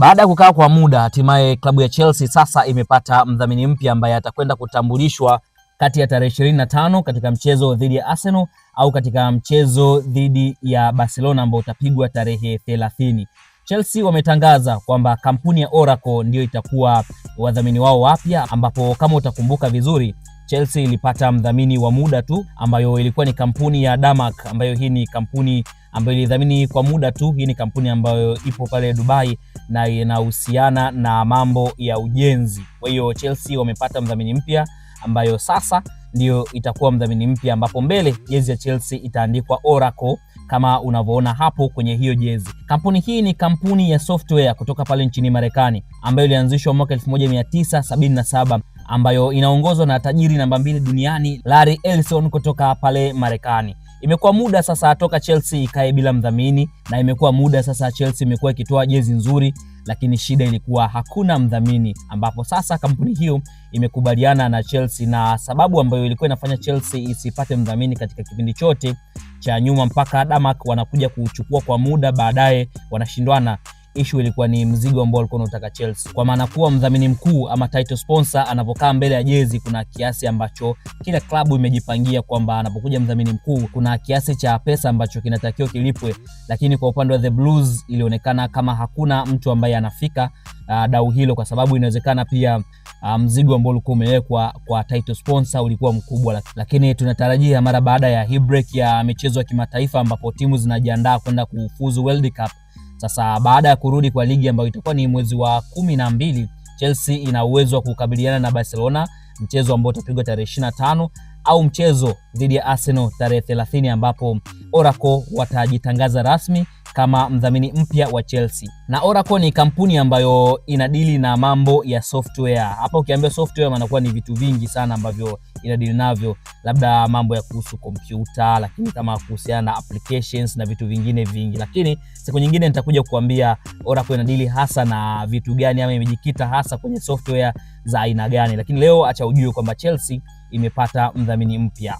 Baada ya kukaa kwa muda, hatimaye klabu ya Chelsea sasa imepata mdhamini mpya ambaye atakwenda kutambulishwa kati ya tarehe ishirini na tano katika mchezo dhidi ya Arsenal au katika mchezo dhidi ya Barcelona ambao utapigwa tarehe thelathini. Chelsea wametangaza kwamba kampuni ya Oracle ndio itakuwa wadhamini wao wapya, ambapo kama utakumbuka vizuri, Chelsea ilipata mdhamini wa muda tu ambayo ilikuwa ni kampuni ya Damark, ambayo hii ni kampuni ambayo ilidhamini kwa muda tu. Hii ni kampuni ambayo ipo pale Dubai na inahusiana na mambo ya ujenzi. Kwa hiyo Chelsea wamepata mdhamini mpya ambayo sasa ndio itakuwa mdhamini mpya, ambapo mbele jezi ya Chelsea itaandikwa Oracle kama unavyoona hapo kwenye hiyo jezi. Kampuni hii ni kampuni ya software kutoka pale nchini Marekani ambayo ilianzishwa mwaka 1977 ambayo inaongozwa na tajiri namba mbili duniani Larry Ellison kutoka pale Marekani. Imekuwa muda sasa toka Chelsea ikae bila mdhamini, na imekuwa muda sasa Chelsea imekuwa ikitoa jezi nzuri, lakini shida ilikuwa hakuna mdhamini, ambapo sasa kampuni hiyo imekubaliana na Chelsea, na sababu ambayo ilikuwa inafanya Chelsea isipate mdhamini katika kipindi chote cha nyuma mpaka Adamak wanakuja kuchukua kwa muda baadaye wanashindwana ishu ilikuwa ni mzigo ambao alikuwa anataka Chelsea, kwa maana kuwa mdhamini mkuu ama title sponsor anapokaa mbele ya jezi, kuna kiasi ambacho kila klabu imejipangia kwamba anapokuja mdhamini mkuu kuna kiasi cha pesa ambacho kinatakiwa kilipwe, lakini kwa upande wa The Blues ilionekana kama hakuna mtu ambaye anafika uh, dau hilo, kwa sababu inawezekana pia uh, mzigo ambao ulikuwa umewekwa kwa title sponsor ulikuwa mkubwa, lakini tunatarajia mara baada ya hii break ya michezo ya kimataifa ambapo timu zinajiandaa kwenda kufuzu World Cup sasa baada ya kurudi kwa ligi ambayo itakuwa ni mwezi wa kumi na mbili, Chelsea ina uwezo wa kukabiliana na Barcelona, mchezo ambao utapigwa tarehe 25 au mchezo dhidi ya Arsenal tarehe 30 ambapo Oracle watajitangaza rasmi kama mdhamini mpya wa Chelsea. Na Oracle ni kampuni ambayo inadili na mambo ya software. Hapa ukiambia software, manakuwa ni vitu vingi sana ambavyo inadili navyo, labda mambo ya kuhusu kompyuta, lakini kama kuhusiana na applications na vitu vingine vingi, lakini siku nyingine nitakuja kuambia Oracle inadili hasa na vitu gani ama imejikita hasa kwenye software za aina gani, lakini leo acha ujue kwamba Chelsea imepata mdhamini mpya.